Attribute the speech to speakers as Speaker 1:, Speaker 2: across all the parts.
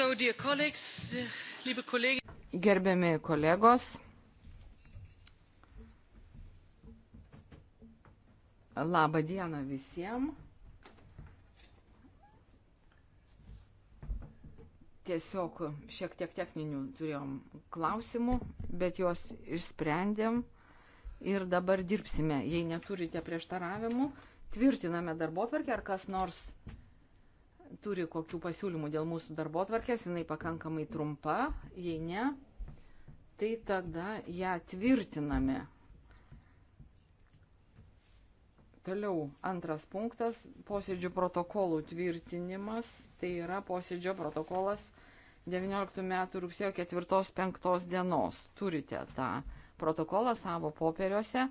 Speaker 1: So, colleague... Gerbiami kolegos, labą dieną visiems. Tiesiog šiek tiek techninių turėjom klausimų, bet juos išsprendėm ir dabar dirbsime. Jei neturite prieštaravimų, tvirtiname darbo tvarkę, ar kas nors turi kokių pasiūlymų dėl mūsų darbo tvarkės, jinai pakankamai trumpa, jei ne, tai tada ją tvirtiname. Toliau antras punktas - posėdžių protokolų tvirtinimas. Tai yra posėdžio protokolas 19 metų rugsėjo 4-5 dienos. Turite tą protokolą savo popieriuose.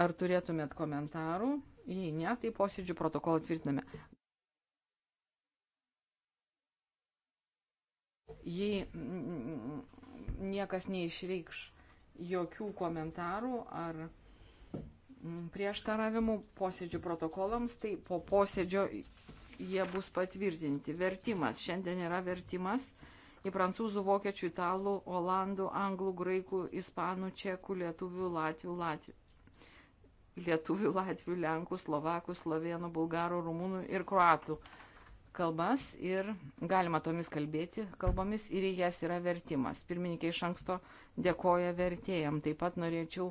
Speaker 1: Ar turėtumėt komentarų? Jei ne, tai posėdžių protokolą tvirtiname. jei niekas neišreikš jokių komentarų ar prieštaravimų posėdžių protokolams, tai po posėdžio jie bus patvirtinti. Vertimas. Šiandien yra vertimas į prancūzų, vokiečių, italų, olandų, anglų, graikų, ispanų, čekų, lietuvių, latvių, latvių. Lietuvių, Latvių, Lenkų, Slovakų, Slovenų, Bulgarų, Rumunų ir Kroatų kalbas ir galima tomis kalbėti kalbomis ir į jas yra vertimas. Pirmininkė iš anksto dėkoja vertėjam. Taip pat norėčiau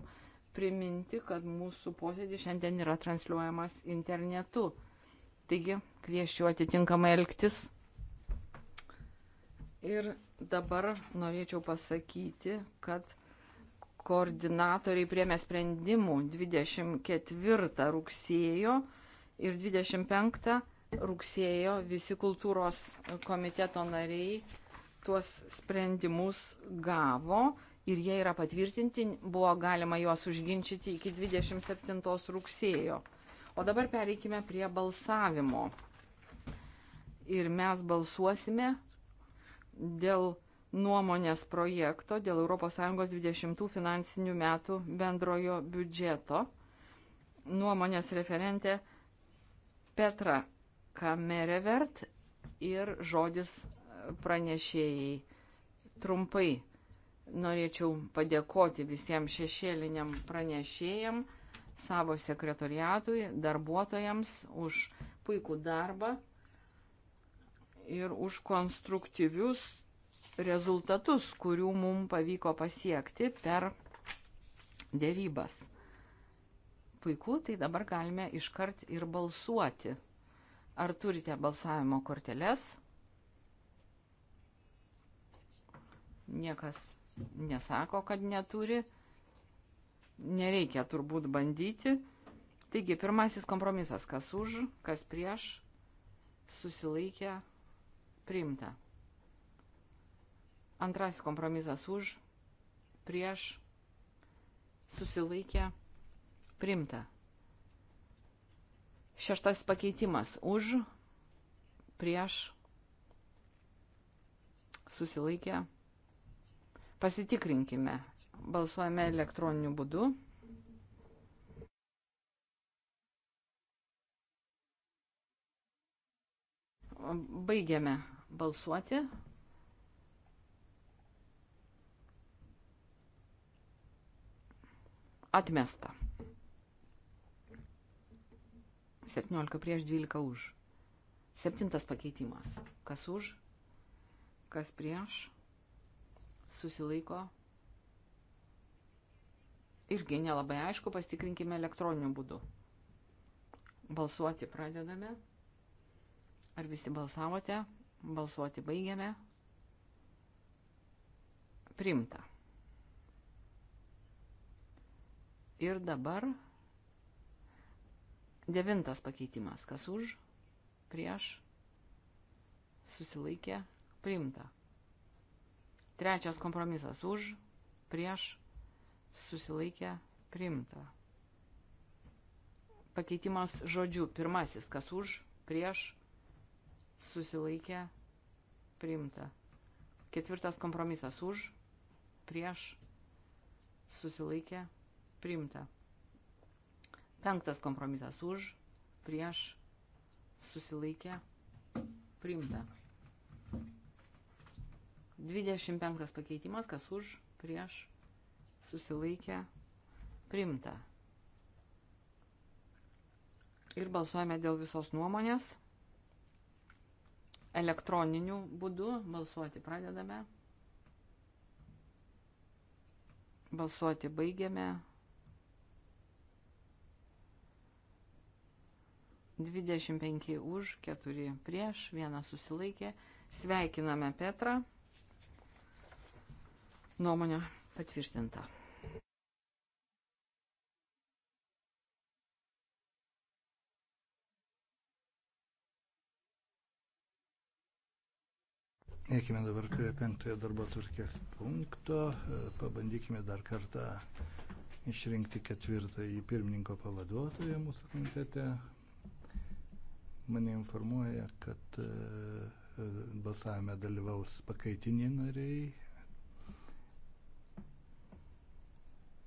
Speaker 1: priminti, kad mūsų posėdis šiandien yra transliuojamas internetu. Taigi kvieščiau atitinkamai elgtis. Ir dabar norėčiau pasakyti, kad koordinatoriai priemė sprendimų 24 rugsėjo ir 25 rugsėjo visi kultūros komiteto nariai tuos sprendimus gavo ir jie yra patvirtinti, buvo galima juos užginčyti iki 27 rugsėjo. O dabar pereikime prie balsavimo. Ir mes balsuosime dėl nuomonės projekto dėl ES 20 finansinių metų bendrojo biudžeto. Nuomonės referentė Petra Kamerevert ir žodis pranešėjai. Trumpai norėčiau padėkoti visiems šešėliniam pranešėjam, savo sekretoriatui, darbuotojams už puikų darbą ir už konstruktyvius rezultatus, kurių mums pavyko pasiekti per dėrybas. Puiku, tai dabar galime iškart ir balsuoti. Ar turite balsavimo korteles? Niekas nesako, kad neturi. Nereikia turbūt bandyti. Taigi, pirmasis kompromisas, kas už, kas prieš, susilaikė, priimta. Antrasis kompromisas už, prieš, susilaikė, priimta. Šeštas pakeitimas už, prieš, susilaikę. Pasitikrinkime. Balsuojame elektroniniu būdu. Baigiame balsuoti. Atmesta. 17 prieš 12 už. Septintas pakeitimas. Kas už, kas prieš, susilaiko. Irgi nelabai aišku, pastikrinkime elektroniniu būdu. Balsuoti pradedame. Ar visi balsavote? Balsuoti baigiame. Primta. Ir dabar Devintas pakeitimas. Kas už, prieš, susilaikė, priimta. Trečias kompromisas. Už, prieš, susilaikė, priimta. Pakeitimas žodžių. Pirmasis. Kas už, prieš, susilaikė, priimta. Ketvirtas kompromisas. Už, prieš, susilaikė, priimta. Penktas kompromisas už, prieš, susilaikė, priimta. 25 pakeitimas, kas už, prieš, susilaikė, priimta. Ir balsuojame dėl visos nuomonės. Elektroniniu būdu balsuoti pradedame. Balsuoti baigiame. 25 už, 4 prieš, 1 susilaikė. Sveikiname Petrą. Nuomonė patvirtinta.
Speaker 2: Eikime dabar prie penktojo darbo tvarkės punkto. E, pabandykime dar kartą išrinkti ketvirtąjį pirmininko pavaduotoją mūsų komitete mane informuoja, kad e, e, balsavime dalyvaus pakaitiniai nariai.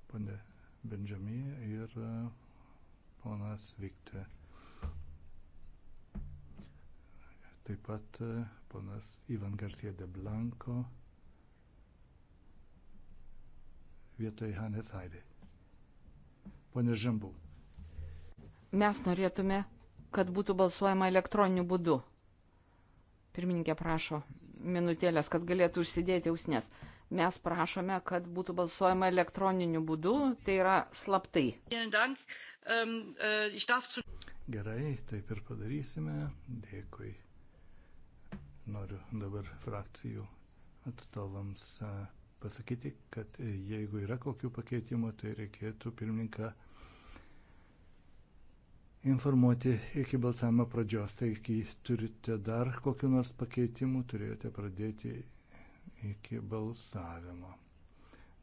Speaker 2: Pone Benžamė ir e, ponas Vikte. Taip pat ponas Ivan Garcia de Blanco vietoj Hanes Haidė. Pone Žambau.
Speaker 1: Mes norėtume kad būtų balsuojama elektroniniu būdu. Pirmininkė prašo minutėlės, kad galėtų užsidėti ausnes. Mes prašome, kad būtų balsuojama elektroniniu būdu, tai yra slaptai. Ähm, äh,
Speaker 2: Gerai, taip ir padarysime. Dėkui. Noriu dabar frakcijų atstovams äh, pasakyti, kad jeigu yra kokių pakeitimų, tai reikėtų pirmininką informuoti iki balsavimo pradžios. Taigi turite dar kokiu nors pakeitimu, turėjote pradėti iki balsavimo.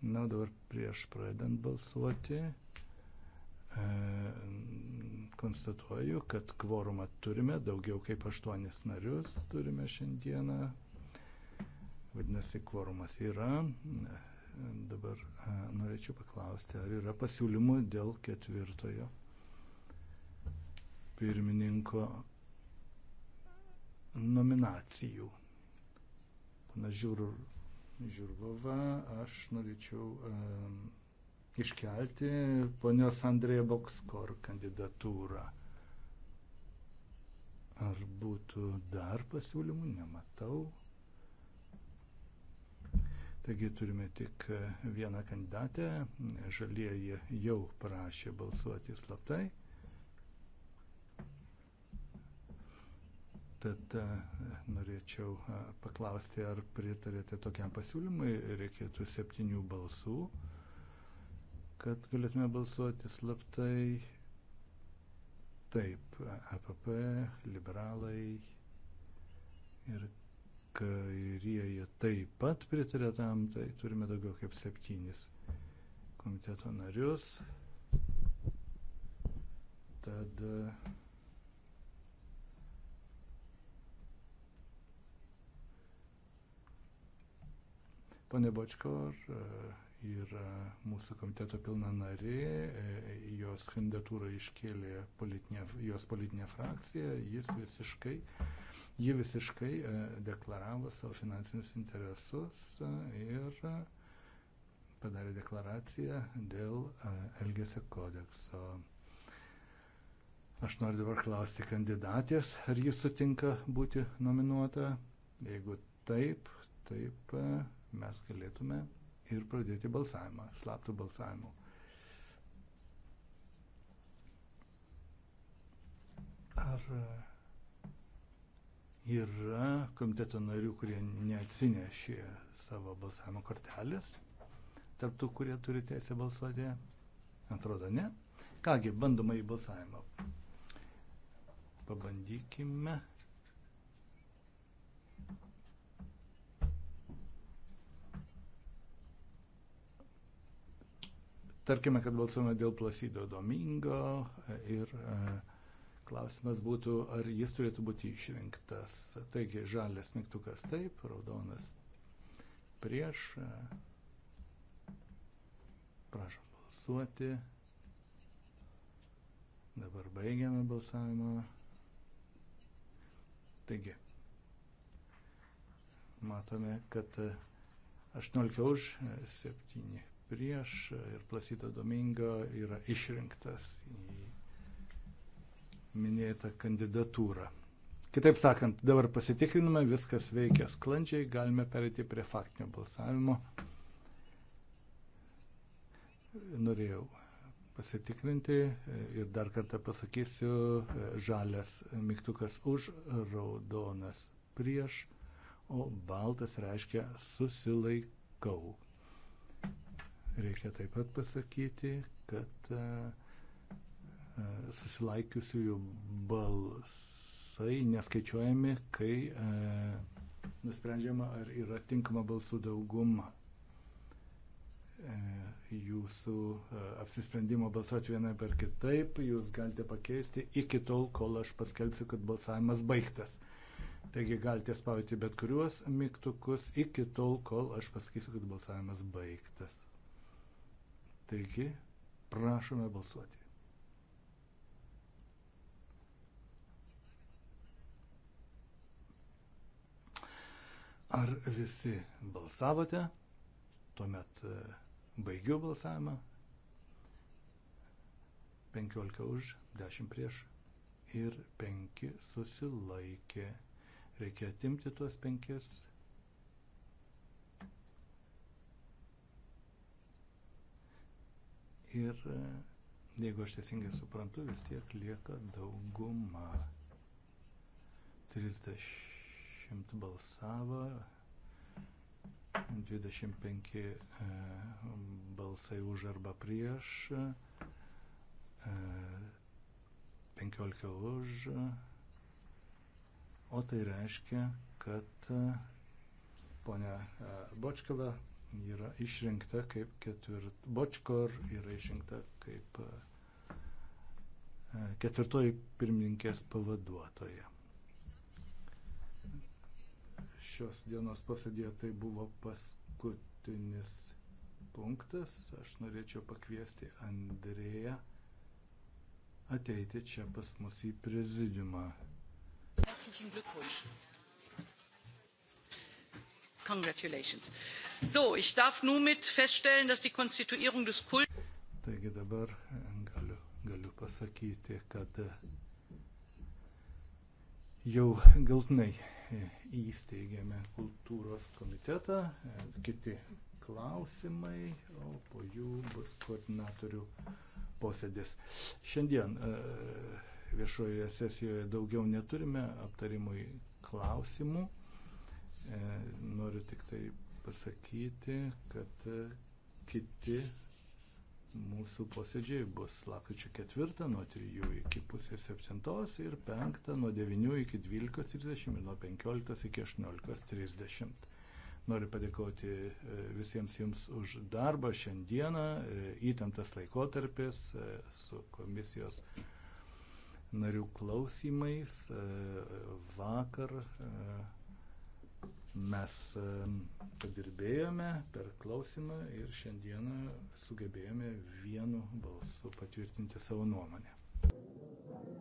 Speaker 2: Na, dabar prieš pradedant balsuoti, e, konstatuoju, kad kvorumą turime, daugiau kaip aštuonis narius turime šiandieną. Vadinasi, kvorumas yra. Dabar e, norėčiau paklausti, ar yra pasiūlymų dėl ketvirtojo pirmininko nominacijų. Pana Žiūr, Žiūrvova, aš norėčiau um, iškelti ponios Andrėja Bokskor kandidatūrą. Ar būtų dar pasiūlymų, nematau. Taigi turime tik vieną kandidatę. Žalieji jau prašė balsuoti slaptai. Tad norėčiau paklausti, ar pritarėte tokiam pasiūlymui, reikėtų septynių balsų, kad galėtume balsuoti slaptai. Taip, APP, liberalai ir kairieji taip pat pritarė tam, tai turime daugiau kaip septynis komiteto narius. Tad Pane Bočkor e, yra mūsų komiteto pilna narė, e, jos kandidatūrą iškėlė politinė, jos politinė frakcija, jis visiškai, ji visiškai e, deklaravo savo finansinius interesus ir padarė deklaraciją dėl Elgesio kodekso. Aš noriu dabar klausti kandidatės, ar jis sutinka būti nominuota. Jeigu taip, taip mes galėtume ir pradėti balsavimą, slaptų balsavimų. Ar e, yra komiteto narių, kurie neatsinešė savo balsavimo kortelės, tarptų, kurie turi teisę balsuoti? Atrodo, ne. Kągi, bandoma į balsavimą. Pabandykime Tarkime, kad balsuojame dėl Plasido Domingo ir e, klausimas būtų, ar jis turėtų būti išrinktas. Taigi, žalias mygtukas taip, raudonas prieš. E. Prašom balsuoti. Dabar baigiame balsavimą. Taigi, matome, kad 18 e, už 7 prieš ir Plasido Domingo yra išrinktas į minėtą kandidatūrą. Kitaip sakant, dabar pasitikriname, viskas veikia sklandžiai, galime perėti prie faktinio balsavimo. Norėjau pasitikrinti ir dar kartą pasakysiu, žalias mygtukas už, raudonas prieš, o baltas reiškia susilaikau. Reikia taip pat pasakyti, kad e, e, susilaikiusiųjų balsai neskaičiuojami, kai e, nusprendžiama, ar yra tinkama balsų dauguma jūsų apsisprendimo balsuoti vienai per kitaip, jūs galite pakeisti iki tol, kol aš paskelbsiu, kad balsavimas baigtas. Taigi galite spausti bet kuriuos mygtukus iki tol, kol aš pasakysiu, kad balsavimas baigtas. Taigi, prašome balsuoti. Ar visi balsavote? Tuomet e, baigiu balsavimą. 15 už, 10 prieš ir 5 susilaikė. Reikia atimti tuos 5 Ir e, jeigu aš teisingai suprantu, vis tiek lieka dauguma. 30 balsavo, 25 e, balsai už arba prieš, 15 e, už. O tai reiškia, kad ponia Bočkova yra išrinkta kaip ketvirt, Bočkor yra išrinkta kaip e, ketvirtoji pirmininkės pavaduotoja. Šios dienos posėdėje tai buvo paskutinis punktas. Aš norėčiau pakviesti Andrėją ateiti čia pas mus į prezidiumą. Herzlichen Glückwunsch.
Speaker 1: Congratulations. So, ich darf nun mit feststellen, dass die Konstituierung des Kult.
Speaker 2: Taigi dabar eh, galiu, galiu pasakyti, kad eh, jau galtinai eh, įsteigėme kultūros komitetą, kiti klausimai, o po jų bus koordinatorių posėdis. Šiandien viešojoje sesijoje daugiau neturime aptarimui klausimų. E, noriu tik tai pasakyti, kad e, kiti mūsų posėdžiai bus lapkričio 4 nuo 3 iki pusės 7 ir 5 nuo 9 iki 12.30 ir nuo 15 iki 18.30. Noriu padėkoti e, visiems jums už darbą šiandieną, įtemptas laikotarpis su komisijos narių klausimais vakar mes padirbėjome per klausimą ir šiandieną sugebėjome vienu balsu patvirtinti savo nuomonę.